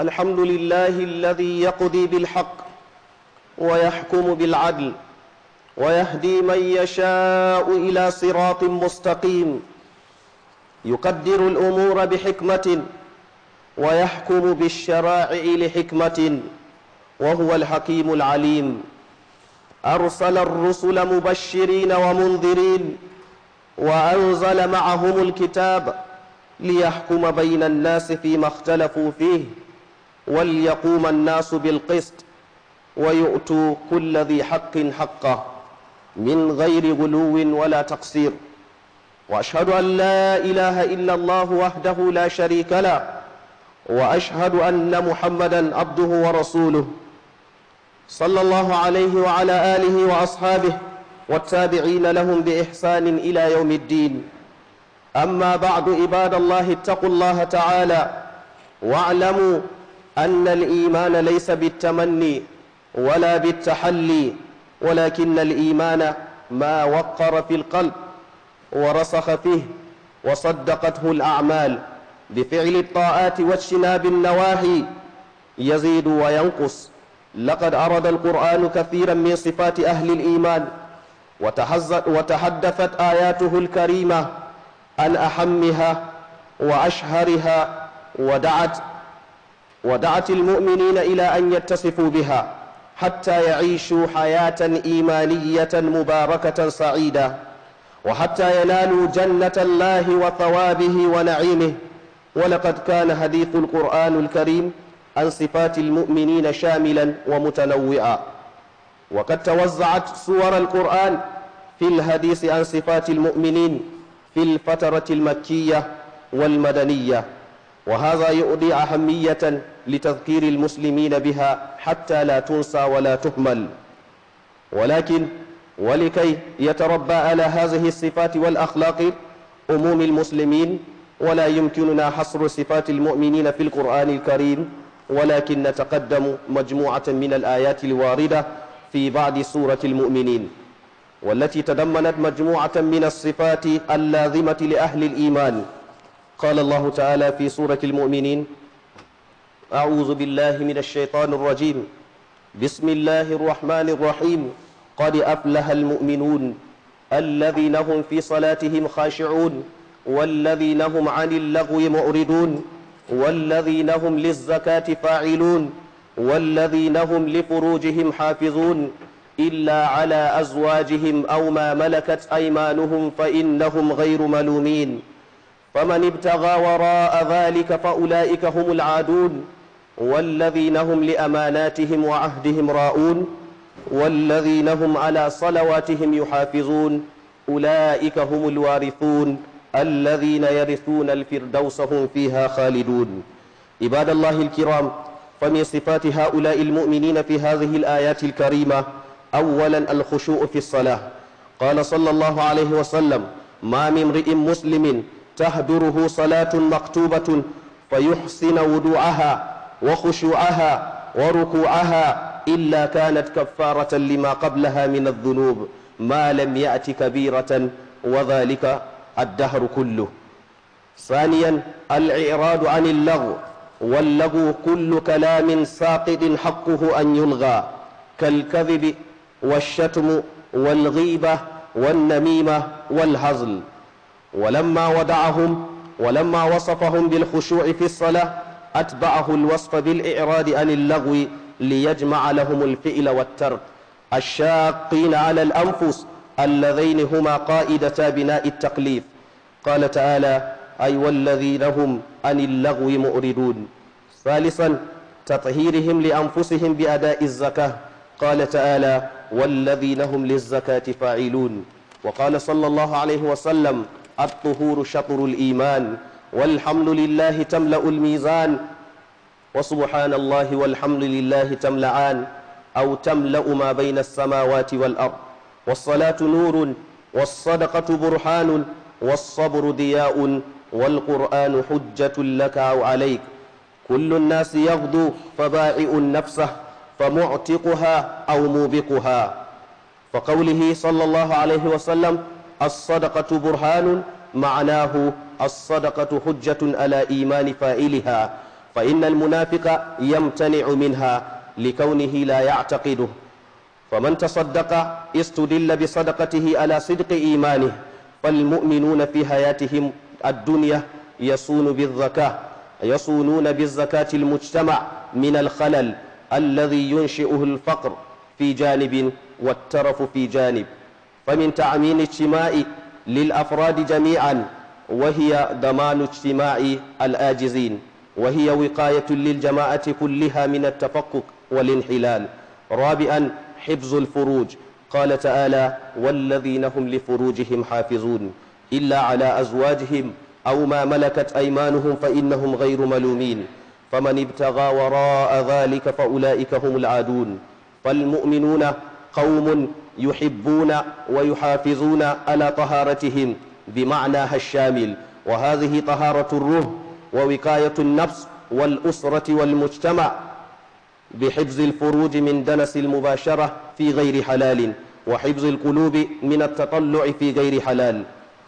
الحمد لله الذي يقضي بالحق ويحكم بالعدل ويهدي من يشاء إلى صراط مستقيم يقدر الأمور بحكمة ويحكم بالشرائع لحكمة وهو الحكيم العليم أرسل الرسل مبشرين ومنذرين وأنزل معهم الكتاب ليحكم بين الناس فيما اختلفوا فيه وليقوم الناس بالقسط ويؤتوا كل ذي حق حقه من غير غلو ولا تقصير واشهد ان لا اله الا الله وحده لا شريك له واشهد ان محمدا عبده ورسوله صلى الله عليه وعلى اله واصحابه والتابعين لهم باحسان الى يوم الدين اما بعد عباد الله اتقوا الله تعالى واعلموا أن الإيمان ليس بالتمني ولا بالتحلي ولكن الإيمان ما وقر في القلب ورسخ فيه وصدقته الأعمال بفعل الطاعات واجتناب النواهي يزيد وينقص لقد أرد القرآن كثيرا من صفات أهل الإيمان وتحدثت آياته الكريمة عن أحمها وأشهرها ودعت ودعت المؤمنين إلى أن يتصفوا بها حتى يعيشوا حياة إيمانية مباركة سعيدة وحتى ينالوا جنة الله وثوابه ونعيمه ولقد كان حديث القرآن الكريم عن صفات المؤمنين شاملا ومتنوعا وقد توزعت سور القرآن في الحديث عن صفات المؤمنين في الفترة المكية والمدنية وهذا يؤدي أهمية لتذكير المسلمين بها حتى لا تنسى ولا تهمل ولكن ولكي يتربى على هذه الصفات والأخلاق أموم المسلمين ولا يمكننا حصر صفات المؤمنين في القرآن الكريم ولكن نتقدم مجموعة من الآيات الواردة في بعض سورة المؤمنين والتي تضمنت مجموعة من الصفات اللازمة لأهل الإيمان قال الله تعالى في سورة المؤمنين أعوذ بالله من الشيطان الرجيم بسم الله الرحمن الرحيم قد أفلح المؤمنون الذين هم في صلاتهم خاشعون والذين هم عن اللغو معرضون والذين هم للزكاة فاعلون والذين هم لفروجهم حافظون إلا على أزواجهم أو ما ملكت أيمانهم فإنهم غير ملومين فمن ابتغى وراء ذلك فأولئك هم العادون والذين هم لأماناتهم وعهدهم راؤون والذين هم على صلواتهم يحافظون أولئك هم الوارثون الذين يرثون الفردوس هم فيها خالدون عباد الله الكرام فمن صفات هؤلاء المؤمنين في هذه الآيات الكريمة أولا الخشوع في الصلاة قال صلى الله عليه وسلم ما من امرئ مسلم تهدره صلاة مكتوبة فيحسن ودوعها وخشوعها وركوعها إلا كانت كفارة لما قبلها من الذنوب ما لم يأت كبيرة وذلك الدهر كله ثانيا الإعراض عن اللغو واللغو كل كلام ساقط حقه أن يلغى كالكذب والشتم والغيبة والنميمة والهزل ولما ودعهم ولما وصفهم بالخشوع في الصلاة أتبعه الوصف بالإعراض عن اللغو ليجمع لهم الفئل والترك الشاقين على الأنفس اللذين هما قائدتا بناء التقليف قال تعالى أي والذين هم عن اللغو مؤردون ثالثا تطهيرهم لأنفسهم بأداء الزكاة قال تعالى والذين هم للزكاة فاعلون وقال صلى الله عليه وسلم الطهور شطر الإيمان والحمد لله تملأ الميزان وسبحان الله والحمد لله تملعان أو تملأ ما بين السماوات والأرض والصلاة نور والصدقة برهان والصبر ضياء والقرآن حجة لك أو عليك كل الناس يغدو فبائع نفسه فمعتقها أو موبقها فقوله صلى الله عليه وسلم الصدقة برهان معناه الصدقة حجة على إيمان فائلها فإن المنافق يمتنع منها لكونه لا يعتقده فمن تصدق استدل بصدقته على صدق إيمانه فالمؤمنون في حياتهم الدنيا يصون بالزكاة يصونون بالزكاة المجتمع من الخلل الذي ينشئه الفقر في جانب والترف في جانب فمن تأمين اجتماع للأفراد جميعا وهي ضمان اجتماع الآجزين وهي وقاية للجماعة كلها من التفكك والانحلال رابعا حفظ الفروج قال تعالى والذين هم لفروجهم حافظون إلا على أزواجهم أو ما ملكت أيمانهم فإنهم غير ملومين فمن ابتغى وراء ذلك فأولئك هم العادون فالمؤمنون قوم يحبون ويحافظون على طهارتهم بمعناها الشامل وهذه طهارة الروح ووقاية النفس والأسرة والمجتمع بحفظ الفروج من دنس المباشرة في غير حلال وحفظ القلوب من التطلع في غير حلال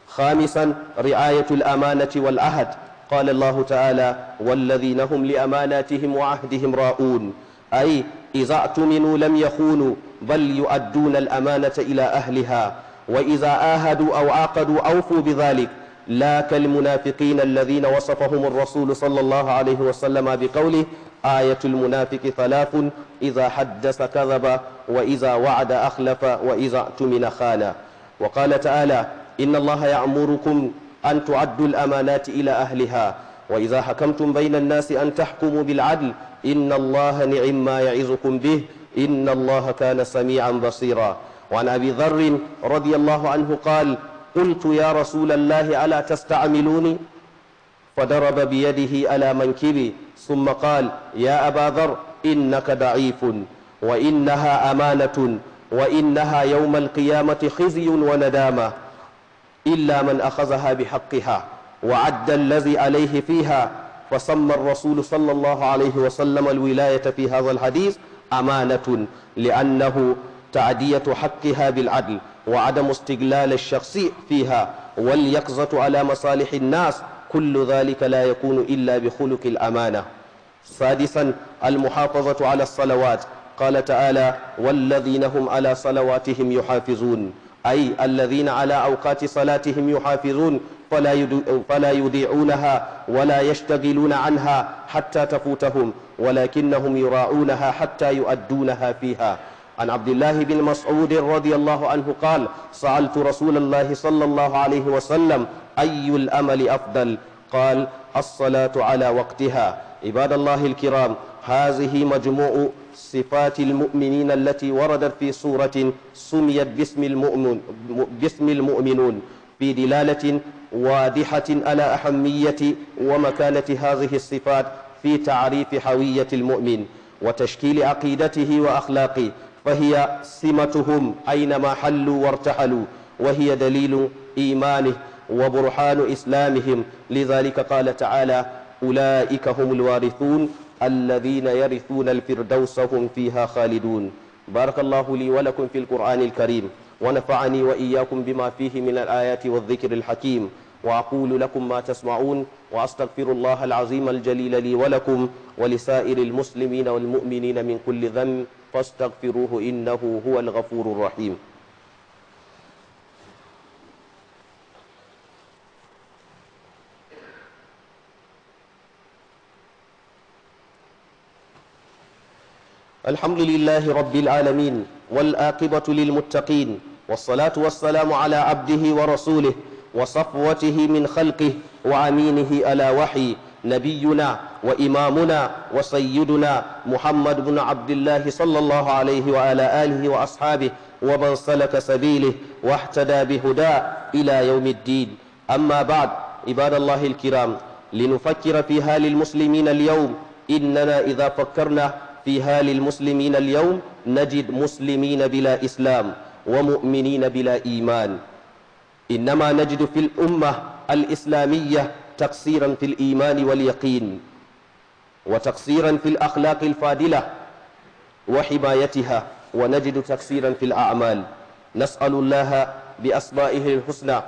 خامسا رعاية الأمانة والعهد قال الله تعالى والذين هم لأماناتهم وعهدهم راؤون أي إذا اؤتمنوا لم يخونوا بل يؤدون الأمانة إلى أهلها وإذا آهدوا أو عاقدوا أوفوا بذلك لا كالمنافقين الذين وصفهم الرسول صلى الله عليه وسلم بقوله آية المنافق ثلاث إذا حدث كذب وإذا وعد أخلف وإذا اؤتمن خان وقال تعالى إن الله يأمركم أن تعدوا الأمانات إلى أهلها وإذا حكمتم بين الناس أن تحكموا بالعدل إن الله نعم ما يعزكم به إن الله كان سميعا بصيرا وعن أبي ذر رضي الله عنه قال قلت يا رسول الله ألا تستعملوني فضرب بيده على منكبي ثم قال يا أبا ذر إنك ضعيف وإنها أمانة وإنها يوم القيامة خزي وندامة إلا من أخذها بحقها وعد الذي عليه فيها فسمى الرسول صلى الله عليه وسلم الولاية في هذا الحديث أمانة لأنه تعدية حقها بالعدل وعدم استقلال الشخص فيها واليقظة على مصالح الناس كل ذلك لا يكون إلا بخلق الأمانة سادسا المحافظة على الصلوات قال تعالى والذين هم على صلواتهم يحافظون أي الذين على أوقات صلاتهم يحافظون فلا, فلا يضيعونها ولا يشتغلون عنها حتى تفوتهم ولكنهم يراعونها حتى يؤدونها فيها عن عبد الله بن مسعود رضي الله عنه قال سألت رسول الله صلى الله عليه وسلم أي الأمل أفضل قال الصلاة على وقتها عباد الله الكرام هذه مجموع صفات المؤمنين التي وردت في سورة سميت باسم المؤمن باسم المؤمنون في دلالة واضحة على أهمية ومكانة هذه الصفات في تعريف حوية المؤمن وتشكيل عقيدته وأخلاقه فهي سمتهم أينما حلوا وارتحلوا وهي دليل إيمانه وبرهان إسلامهم لذلك قال تعالى أولئك هم الوارثون الذين يرثون الفردوس هم فيها خالدون بارك الله لي ولكم في القرآن الكريم ونفعني وإياكم بما فيه من الآيات والذكر الحكيم وأقول لكم ما تسمعون وأستغفر الله العظيم الجليل لي ولكم ولسائر المسلمين والمؤمنين من كل ذنب فاستغفروه إنه هو الغفور الرحيم الحمد لله رب العالمين والآقبة للمتقين والصلاة والسلام على عبده ورسوله وصفوته من خلقه وامينه ألا وحي نبينا وإمامنا وسيدنا محمد بن عبد الله صلى الله عليه وعلى آله وأصحابه ومن سلك سبيله واحتدى بهداه إلى يوم الدين أما بعد عباد الله الكرام لنفكر في هال المسلمين اليوم إننا إذا فكرنا في هال المسلمين اليوم نجد مسلمين بلا إسلام ومؤمنين بلا إيمان إنما نجد في الأمة الإسلامية تقصيرا في الإيمان واليقين وتقصيرا في الأخلاق الفاضلة وحمايتها ونجد تقصيرا في الأعمال نسأل الله بأسمائه الحسنى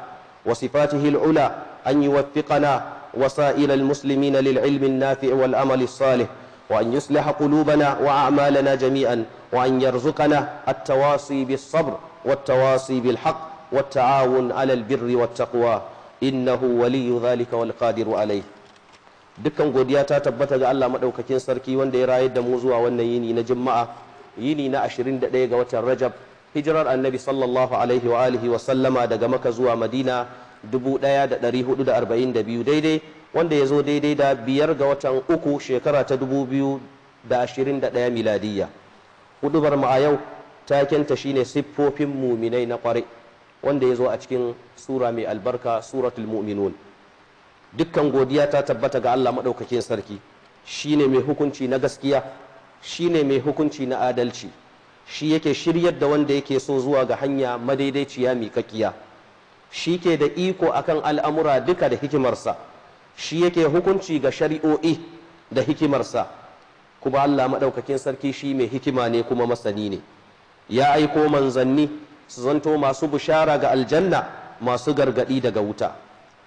وصفاته العلى أن يوفقنا وسائل المسلمين للعلم النافع والأمل الصالح وأن يصلح قلوبنا وأعمالنا جميعا وأن يرزقنا التواصي بالصبر والتواصي بالحق والتعاون على البر والتقوى إنه ولي ذلك والقادر عليه dukkan godiya ta tabbata ga Allah madaukakin sarki wanda ya rayar da mu zuwa wannan yini na juma'a yini na 21 ga watan Rajab hijirar annabi sallallahu alaihi wa alihi wa sallama daga maka zuwa madina 1442 daidai wanda ya zo daidai da biyar ga watan uku shekara ta 2021 miladiyya hudubar mu a yau taken ta shine siffofin muminai na kwarai wanda ya zo a cikin sura mai albarka suratul mu'minun dukkan godiya ta tabbata ga Allah maɗaukakin sarki shine mai hukunci na gaskiya shine mai hukunci na adalci shi yake shiryar da wanda yake so zuwa ga hanya madaidaiciya miƙaƙiya shi ke da iko akan al'amura duka da hikimarsa shi yake hukunci ga shari'o'i da hikimarsa kuma Allah maɗaukakin sarki shi mai hikima ne kuma masani ne ya aiko manzanni su zanto masu bishara ga aljanna masu gargadi daga wuta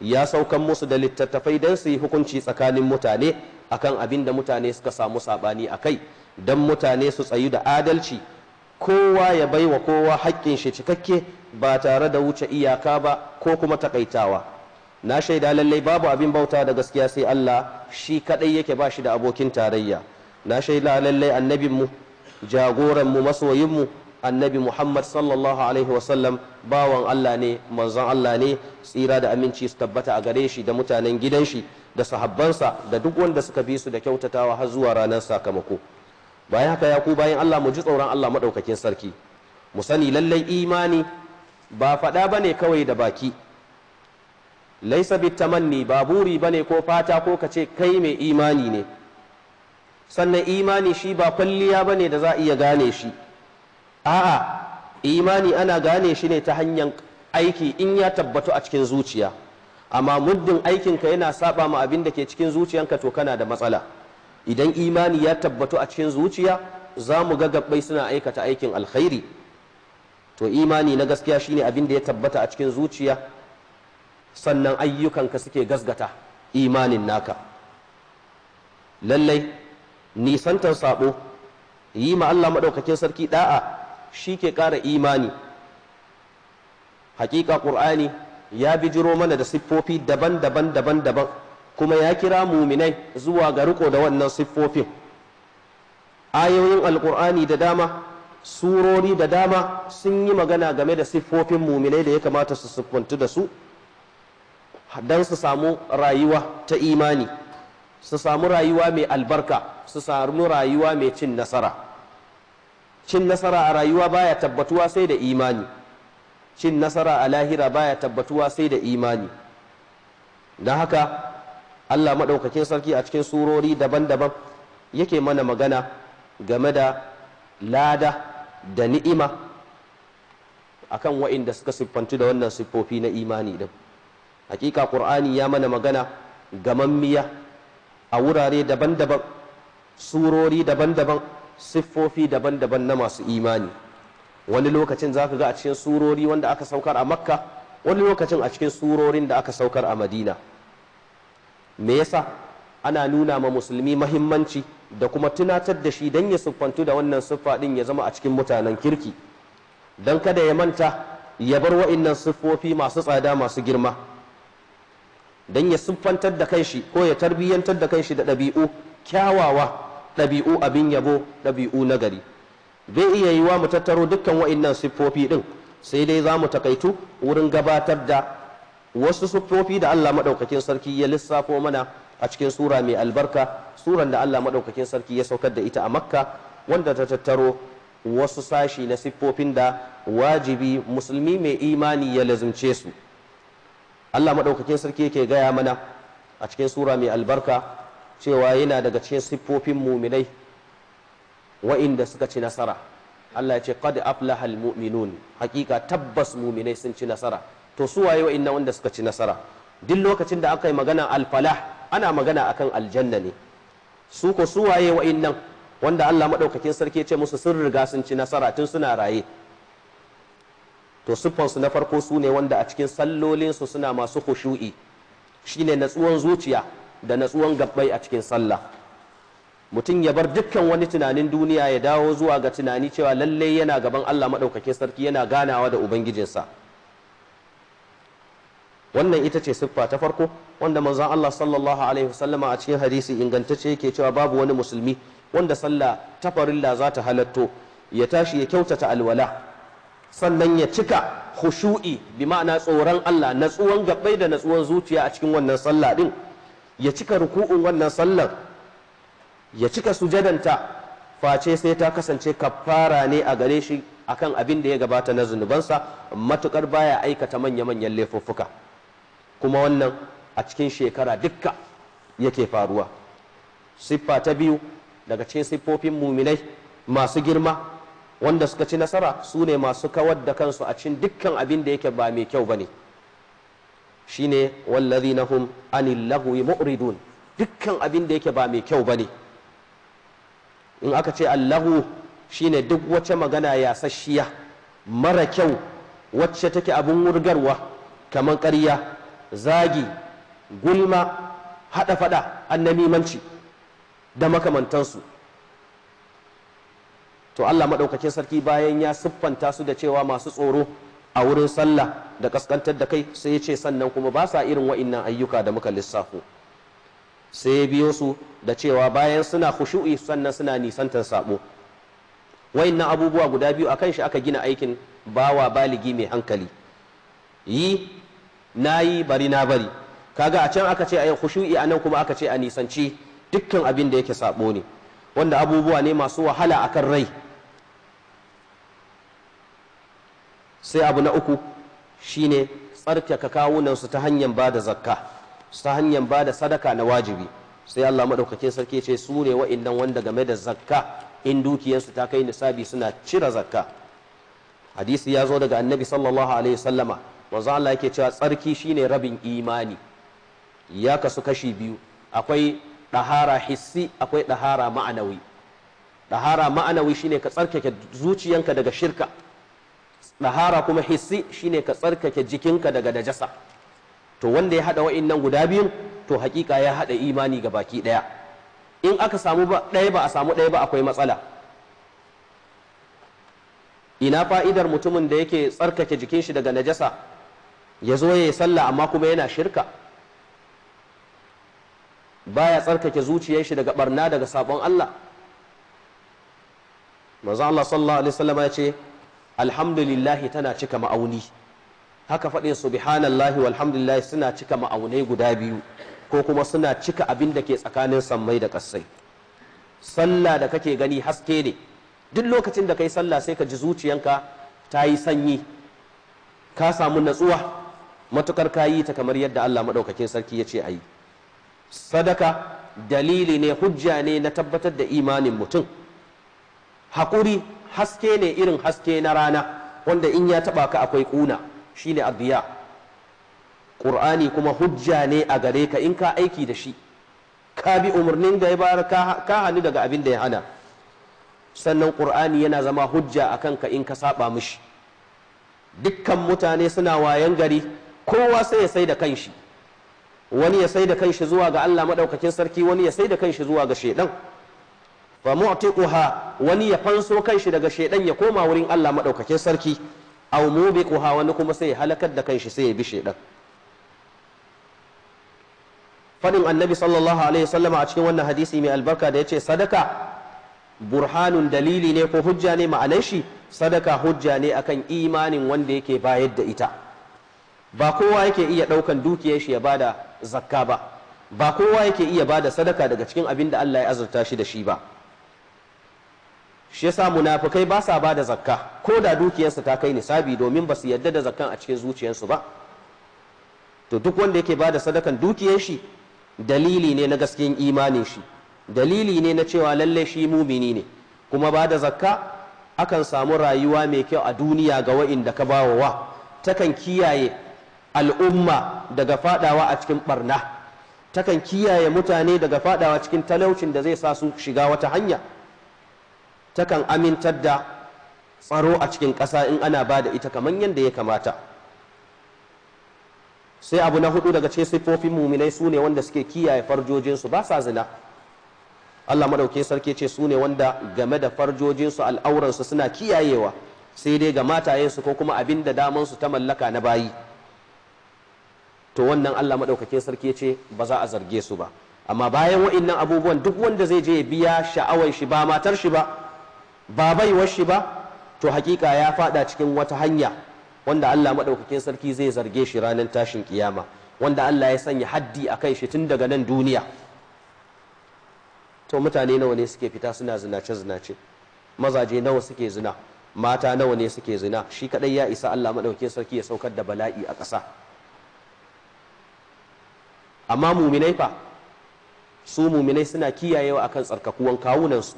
ya saukan musu da littattafai don su yi hukunci tsakanin mutane akan abin da mutane suka samu sabani a kai don mutane su tsayu da adalci kowa ya bai wa kowa hakkin shi cikakke ba tare da wuce iyaka ba ko kuma takaitawa na shaida lallai babu abin bauta da gaskiya sai Allah shi kadai yake ba shi da abokin tarayya na shaida lallai annabinmu jagoranmu masoyinmu annabi muhammad sallallahu alaihi wasallam bawan allah ne manzon allah ne tsira da aminci su tabbata a gare shi da mutanen gidan shi da sahabbansa da duk wanda suka bi su da kyautatawa har zuwa ranar sakamako bayan haka ya ku bayan allah mu ji tsoron allah maɗaukakin sarki mu sani lallai imani ba faɗa ba ne kawai da baki laisa bitamanni ba buri ba ne ko fata ko ka ce kai mai imani ne sannan imani shi ba kwalliya ba ne da za a iya gane shi a'a imani ana gane shi ne ta hanyar aiki in ya tabbatu a cikin zuciya amma muddin aikinka yana saba ma abin da ke cikin zuciyanka to kana da matsala idan imani ya tabbatu a cikin zuciya za mu ga gabbai suna aikata aikin alkhairi to imani na gaskiya shine abin da ya tabbata a cikin zuciya sannan ayyukanka suke gasgata imanin naka lallai nisantar saɓo yi ma Allah maɗaukakin sarki da'a shi ke ƙara imani haƙiƙa ƙur'ani ya bijiro mana da siffofi daban-daban daban-daban kuma ya kira muminai zuwa ga riko da wannan siffofin ayoyin alƙur'ani da dama surori da dama sun yi magana game da siffofin muminai da ya kamata su siffantu da su don su samu rayuwa ta imani su samu rayuwa mai albarka su samu rayuwa mai cin nasara cin nasara a rayuwa baya tabbatuwa sai da imani cin nasara a lahira baya tabbatuwa sai da imani don haka Allah maɗaukakin sarki a cikin surori daban-daban yake mana magana game da lada da ni'ima akan waɗanda suka siffantu da wannan siffofi na imani din hakika qur'ani ya mana magana gamammiya a wurare daban-daban surori daban-daban siffofi daban-daban na masu imani wani lokacin za ka ga a cikin surori wanda aka saukar a makka wani lokacin a cikin surorin da aka saukar a madina me yasa ana nuna ma musulmi mahimmanci da kuma tunatar da shi don ya siffantu da wannan siffa din ya zama a cikin mutanen kirki don kada ya manta ya bar wa'innan siffofi masu tsada masu girma don ya siffantar da kanshi ko ya tarbiyyantar da kanshi da ɗabi'u kyawawa ɗabi'u abin yabo ɗabi'u nagari bai iya yiwa mu tattaro dukkan wa'annan siffofi ɗin sai dai za mu takaitu wurin gabatar da wasu siffofi da Allah maɗaukakin sarki ya lissafo mana a cikin sura mai albarka suran da Allah maɗaukakin sarki ya saukar da ita a makka wanda ta tattaro wasu sashi na siffofin da wajibi musulmi mai imani ya lazumce su Allah maɗaukakin sarki yake gaya mana a cikin sura mai albarka cewa yana daga cikin siffofin muminai wa'inda suka ci nasara Allah ya ce qad aflaha almu'minun hakika tabbas muminai sun ci nasara to su waye wa'innan wanda suka ci nasara duk lokacin da aka yi magana alfalah ana magana akan aljanna ne su ko su waye wa'innan wanda Allah madaukakin sarki ya ce musu sun riga sun ci nasara tun suna raye to siffansu na farko su ne wanda a cikin sallolinsu suna masu khushu'i shine natsuwan zuciya da natsuwan gabbai a cikin sallah mutum ya bar dukkan wani tunanin duniya ya dawo zuwa ga tunani cewa lalle yana gaban Allah maɗaukakin sarki yana ganawa da ubangijinsa wannan ita ce siffa ta farko wanda manzan Allah sallallahu alaihi wasallama a cikin hadisi ingantacce yake cewa babu wani musulmi wanda sallah ta farilla za ta halatto ya tashi ya kyautata alwala sannan ya cika khushu'i bi ma'ana tsoron Allah natsuwan gabbai da natsuwan zuciya a cikin wannan sallah din ya cika ruku'un wannan sallar ya cika sujadanta face sai ta kasance kafara ne a gare shi akan abin da ya gabata na zunubansa matukar baya aikata manya-manyan laifuffuka kuma wannan a cikin shekara dukka yake faruwa siffa ta biyu daga cikin siffofin muminai masu girma wanda suka ci nasara su ne masu kawar da kansu a cikin dukkan abin da yake ba mai kyau bane ne shine na hum anil lahwi mu'ridun dukkan abin da yake ba mai kyau ba ne in aka ce allahu shine duk wata magana ya sashiya mara kyau wacce take abin wurgarwa kamar karya zagi gulma haɗa faɗa annamimanci da makamantansu to Allah maɗaukakin sarki bayan ya siffanta su da cewa masu tsoro a wurin sallah da kaskantar da kai sai ya ce sannan kuma ba sa irin wa'innan ayyuka da muka lissafo sai ya biyo su da cewa bayan suna khushu'i sannan suna nisantar sabo wa'innan abubuwa guda biyu a kan shi aka gina aikin bawa baligi mai hankali yi na yi bari na bari kaga a can aka ce a yi khushu'i a nan kuma aka ce a nisanci dukkan abin da yake sabo ne wanda abubuwa ne masu wahala akan rai sai abu na uku shine tsarkaka kawunansu ta hanyar bada da zakka ta hanyar ba sadaka na wajibi sai Allah maɗaukakin sarki ce su ne wa'innan wanda game da zakka in dukiyarsu ta kai nisabi suna cire zakka hadisi ya zo daga annabi sallallahu alaihi sallama manzo Allah yake cewa tsarki shine rabin imani ya kasu kashi biyu akwai ɗahara hissi akwai ɗahara ma'anawi ɗahara ma'anawi shine ka tsarkake zuciyanka daga shirka ɗahara kuma hissi shine ka tsarkake jikinka daga najasa to wanda ya haɗa nan guda biyun to hakika ya haɗa imani ga baki ɗaya in aka samu ɗaya ba a samu ɗaya ba akwai matsala ina fa'idar mutumin da yake tsarkake jikin shi daga najasa ya zo ya yi sallah amma kuma yana shirka baya tsarkake zuciyar shi daga barna daga sabon Allah manzo Allah sallallahu alaihi wasallam ya ce alhamdulillahi tana cika ma'auni haka faɗin subhanallahi walhamdulillahi suna cika ma'aunai guda biyu ko kuma suna cika abin da ke tsakanin sammai da ƙasai sallah da kake gani haske ne duk lokacin da kai sallah sai ka ji zuciyanka ta yi sanyi ka samu natsuwa matukar ka yi ta kamar yadda Allah maɗaukakin sarki ya ce a yi sadaka dalili ne hujja ne na tabbatar da imanin mutum haƙuri haske ne irin haske na rana wanda in ya taba ka akwai kuna shine adiya qur'ani kuma hujja ne a gare ka in ka aiki da shi ka bi umarnin da ya bayar ka hannu daga abin da ya hana sannan qur'ani yana zama hujja a kanka in ka saba mishi dukkan mutane suna wayan gari kowa sai ya sai da kanshi wani ya sai da kanshi zuwa ga Allah madaukakin sarki wani ya sai da kanshi zuwa ga shedan wa mu'tiquha wani ya fanso kanshi daga shedan ya koma wurin Allah madaukakin sarki aw mubiquha wani kuma sai ya halakar da kanshi sai ya bi shedan fadin annabi sallallahu alaihi wasallama a cikin wannan hadisi mai albarka da yace sadaka burhanun dalili ne ko hujja ne ma'anar shi sadaka hujja ne akan imanin wanda yake bayar da ita ba kowa yake iya daukan dukiyar shi ya bada zakka ba ba kowa yake iya bada sadaka daga cikin abin da Allah ya azurta shi da shi ba shi yasa munafukai ba sa ba da zakka ko da dukiyarsa ta kai nisabi domin ba su yadda da zakkan a cikin zuciyarsu ba to duk wanda yake ba da sadakan dukiyar shi dalili ne na gaskiyan imanin shi dalili ne na cewa lalle shi mumini ne kuma ba da zakka akan samu rayuwa mai kyau a duniya ga wa'inda ka bawa wa takan kiyaye al'umma daga fadawa a cikin barna takan kiyaye mutane daga fadawa cikin talaucin da zai sa su shiga wata hanya takan amintar da tsaro a cikin ƙasa in ana ba da ita kamar yadda ya kamata sai abu na hudu daga cikin siffofin muminai su ne wanda suke kiyaye farjojinsu ba sa zina Allah madauke sarki ce su ne wanda game da farjojinsu al'auransu suna kiyayewa sai dai ga matayensu ko kuma abin da damansu ta mallaka na bayi to wannan Allah madaukake sarki ce ba za a zarge su ba amma bayan wa'innan abubuwan duk wanda zai je ya biya sha'awar shi ba matar shi ba ba baiwar shi ba to hakika ya fada cikin wata hanya wanda Allah madaukakin sarki zai zarge shi ranar tashin kiyama wanda Allah ya sanya haddi a kai shi tun daga nan duniya to mutane nawa ne suke fita suna zinace zinace mazaje nawa suke zina mata nawa ne suke zina shi kadai ya isa Allah madaukakin sarki ya saukar da bala'i a ƙasa amma muminai fa su muminai suna kiyayewa akan tsarkakuwan su.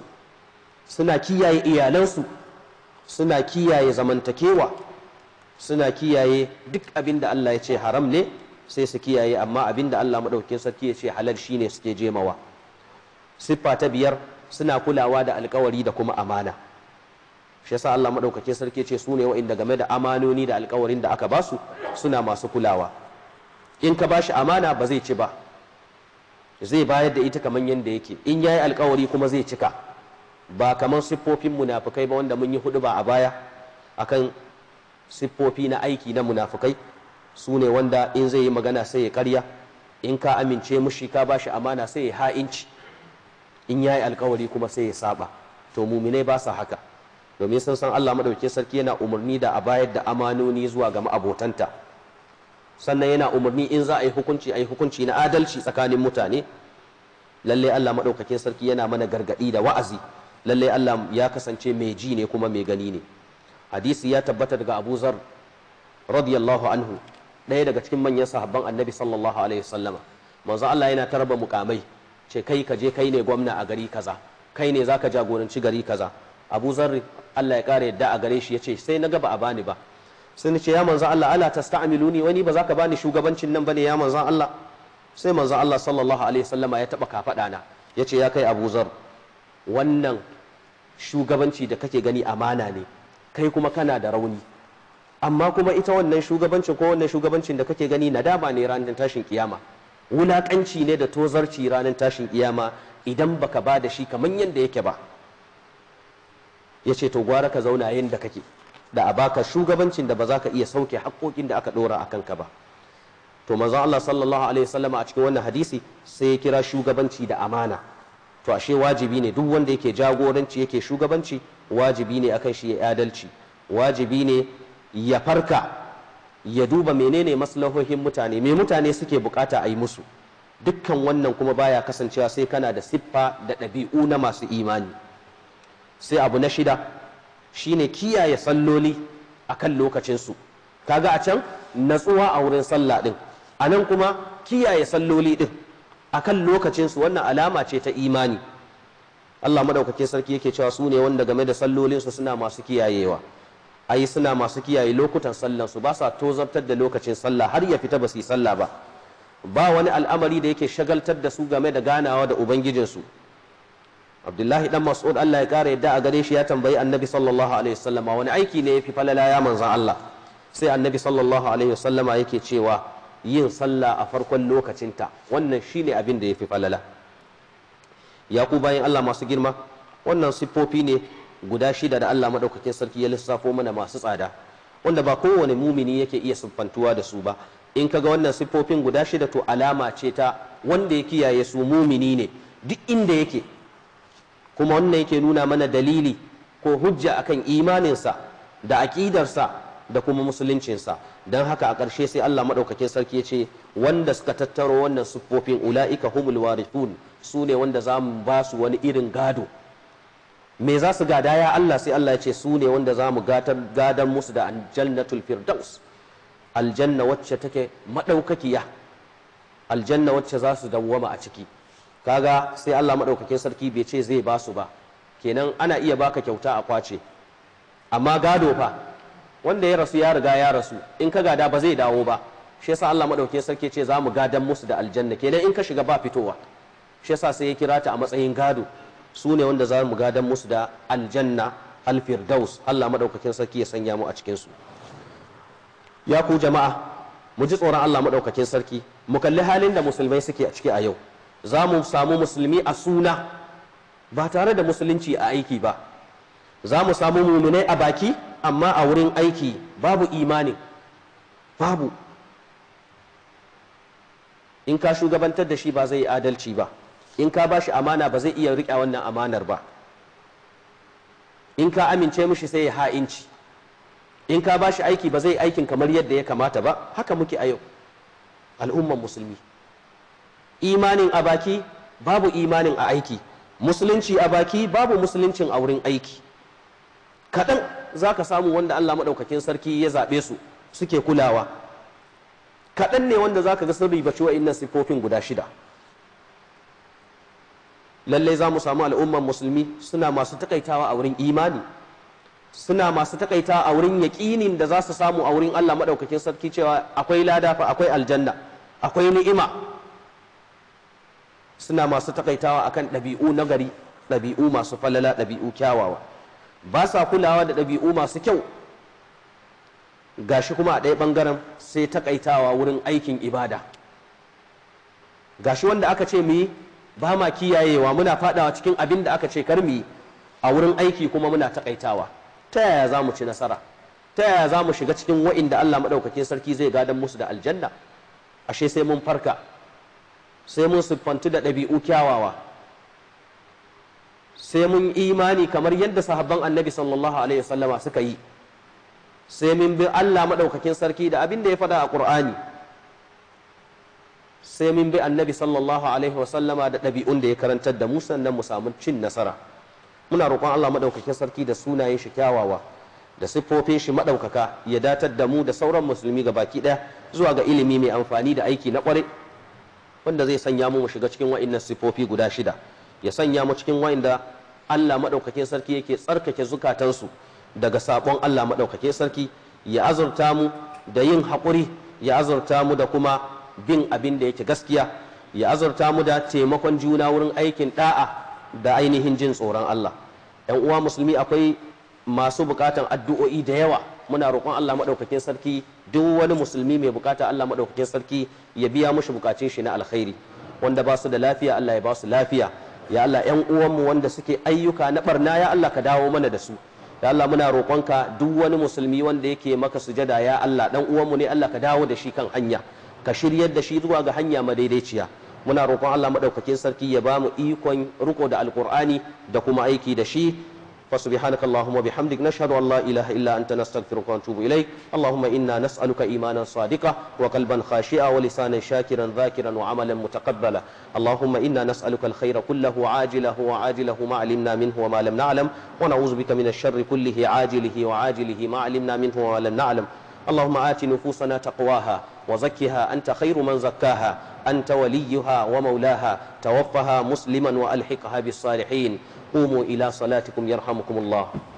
suna kiyaye iyalansu suna kiyaye zamantakewa suna kiyaye duk abin da Allah ya ce haram ne sai su kiyaye amma abin da Allah maɗaukin sarki ya ce halal shine suke jemawa siffa ta biyar suna kulawa da alkawari da kuma amana shi yasa Allah maɗaukakin sarki ya ce su ne wa'inda game da amanoni da alkawarin da aka basu suna masu kulawa in ka bashi amana ba zai ci ba zai bayar da ita kamar yadda yake in yayi alkawari kuma zai cika ba kamar siffofin munafukai ba wanda mun yi hudu ba a baya akan siffofi na aiki na munafukai su ne wanda in zai yi magana sai ya karya in ka amince mushi ka bashi amana sai ya ha'inci in ya yi alkawari kuma sai ya saba to muminai ba sa haka domin sun san Allah madaukakin sarki yana umarni da a bayar da amanoni zuwa ga ma'abotanta sannan yana umarni in za a yi hukunci a yi hukunci na adalci tsakanin mutane lallai Allah madaukakin sarki yana mana gargadi da wa'azi lallai Allah ya kasance mai ji ne kuma mai gani ne hadisi ya tabbata daga Abu Zar radiyallahu anhu ɗaya daga cikin manyan sahabban Annabi sallallahu alaihi wasallama manzo Allah yana tarba mukamai ce kai ka je kai ne gwamna a gari kaza kai ne zaka jagoranci gari kaza Abu Zar Allah ya kare yadda a gare shi yace sai na ga ba a bani ba sai ce ya manzo Allah ala tasta'miluni wani ba za ka bani shugabancin nan bane ya manzo Allah sai manzo Allah sallallahu alaihi wasallama ya taba kafada na yace ya kai Abu Zar wannan shugabanci da kake gani amana ne kai kuma kana da rauni amma kuma ita wannan shugabancin ko wannan shugabancin da kake gani nadama ne ranar tashin kiyama wulaƙanci ne da tozarci ranar tashin kiyama idan baka ba da shi kamar yadda yake ba ya ce to gwara ka zauna yadda kake da a baka shugabancin da ba za ka iya sauke haƙoƙin da aka ɗora a kanka ba to manzo Allah sallallahu alaihi wasallam a cikin wannan hadisi sai ya kira shugabanci da amana to ashe wajibi ne duk wanda yake jagoranci yake shugabanci wajibi ne akan shi ya adalci wajibi ne ya farka ya duba menene maslahohin mutane me mutane suke bukata a yi musu dukkan wannan kuma baya kasancewa sai kana da siffa da ɗabi'u na masu imani sai abu na shida shine kiyaye salloli akan lokacinsu kaga a can natsuwa a wurin sallah din a nan kuma kiyaye salloli din a kan lokacinsu wannan alama ce ta imani Allah madaukakin sarki yake cewa su ne wanda game da sallolinsu suna masu kiyayewa ai suna masu kiyaye lokutan sallansu. ba sa tozartar da lokacin sallah har ya fita ba su yi sallah ba ba wani al'amari da yake shagaltar da su game da ganawa da ubangijinsu abdullahi dan mas'ud Allah ya kara yadda a gare shi ya tambayi annabi sallallahu alaihi wasallama wani aiki ne ya fi falala ya manzon Allah sai annabi sallallahu alaihi wasallama yake cewa yin sallah a farkon lokacinta wannan shine abin da ya fi falala ya bayan Allah masu girma wannan siffofi ne guda shida da Allah maɗaukakin sarki ya lissafo mana masu tsada wanda ba kowane mumini yake iya siffantuwa da su ba in kaga wannan siffofin guda shida to alama ce ta wanda ya kiyaye su mumini ne duk inda yake kuma wannan yake nuna mana dalili ko hujja akan imaninsa da aƙidarsa da kuma musuluncinsa don haka a ƙarshe sai Allah maɗaukakin sarki ya ce wanda suka tattaro wannan siffofin ula'ika humul warithun su ne wanda za mu ba su wani irin gado me za su gada ya Allah sai Allah ya ce su ne wanda za mu gadar musu da aljannatul firdaus aljanna wacce take maɗaukakiya aljanna wacce za su dawwama a ciki kaga sai Allah maɗaukakin sarki bai ce zai ba su ba kenan ana iya baka kyauta a kwace amma gado fa wanda ya rasu ya riga ya rasu in ka gada ba zai dawo ba shi yasa Allah madauke sarki ce za mu gadan musu da aljanna kenan in ka shiga ba fitowa shi yasa sai ya kira ta a matsayin gado su ne wanda za mu gadan musu da aljanna alfirdaus Allah madaukakin sarki ya sanya mu a cikin su ya ku jama'a mu ji tsoron Allah madaukakin sarki mu kalli halin da musulmai suke a ciki a yau za mu samu musulmi a suna ba tare da musulunci a aiki ba za mu samu muminai a baki amma a wurin aiki babu imanin babu in ka shugabantar da shi ba zai yi adalci ba in ka ba shi amana ba zai iya riƙe wannan amanar ba in ka amince mishi sai ya ha'inci in ka ba shi aiki ba zai aikin kamar yadda ya kamata ba haka muke a yau al'umman musulmi imanin a baki babu imanin a aiki musulunci a baki babu musuluncin a wurin aiki kaɗan za ka samu wanda Allah maɗaukakin sarki ya zaɓe su suke kulawa kaɗan ne wanda za ka ga sirri ba ribaci wa'innan siffofin guda shida lallai za mu samu al'ummar musulmi suna masu takaitawa a wurin imani suna masu takaita a wurin yaƙinin da za su samu a wurin Allah maɗaukakin sarki cewa akwai lada fa akwai aljanna akwai ni'ima suna masu takaitawa akan ɗabi'u nagari ɗabi'u masu falala ɗabi'u kyawawa ba sa kulawa da ɗabi'u masu kyau gashi kuma a ɗaya ɓangaren sai takaitawa wurin aikin ibada gashi wanda aka ce mu yi ba ma kiyayewa muna faɗawa cikin abin da aka ce kar mu yi a wurin aiki kuma muna takaitawa ta yaya za mu ci nasara ta yaya za mu shiga cikin wa'inda Allah maɗaukakin sarki zai gadan musu da aljanna ashe sai mun farka sai mun siffantu da ɗabi'u kyawawa sai mun imani kamar yadda sahabban annabi sallallahu alaihi wasallama suka yi sai mun bi Allah madaukakin sarki da abin da ya faɗa a Qur'ani sai mun bi annabi sallallahu alaihi wasallama da ɗabi'un da ya karantar da mu sannan mu samu cin nasara muna roƙon Allah madaukakin sarki da sunayen shi kyawawa da siffofin shi madaukaka ya datar da mu da sauran musulmi ga baki ɗaya zuwa ga ilimi mai amfani da aiki na ƙware wanda zai sanya mu mu shiga cikin wa'innan siffofi guda shida ya sanya mu cikin wa'inda Allah maɗaukakin sarki yake tsarkake zukatansu daga saƙon Allah maɗaukakin sarki ya azurta mu da yin haƙuri ya azurta mu da kuma bin abin da yake gaskiya ya azurta mu da taimakon juna wurin aikin da'a da ainihin jin tsoron Allah ‘yan uwa musulmi akwai masu bukatan addu'o'i da yawa muna roƙon Allah maɗaukakin sarki duk wani musulmi mai bukata Allah maɗaukakin sarki ya biya mushi bukacin shi na alkhairi wanda ba su da lafiya Allah ya ba su lafiya ya Allah yan uwanmu wanda suke ayyuka na barna ya Allah ka dawo mana da su ya Allah muna roƙonka duk wani musulmi wanda yake maka sujada ya Allah dan uwanmu ne Allah ka dawo da shi kan hanya ka shiryar da shi zuwa ga hanya madaidaiciya muna roƙon Allah madaukakin sarki ya ba mu ikon riko da alkur'ani da kuma aiki da shi فسبحانك اللهم وبحمدك نشهد أن لا إله إلا أنت نستغفرك ونتوب إليك اللهم إنا نسألك إيمانا صادقا وقلبا خاشئا ولسانا شاكرا ذاكرا وعملا متقبلا اللهم إنا نسألك الخير كله عاجله وعاجله ما علمنا منه وما لم نعلم ونعوذ بك من الشر كله عاجله وعاجله ما علمنا منه وما لم نعلم اللهم آت نفوسنا تقواها وزكها أنت خير من زكاها أنت وليها ومولاها توفها مسلما وألحقها بالصالحين قوموا إلى صلاتكم يرحمكم الله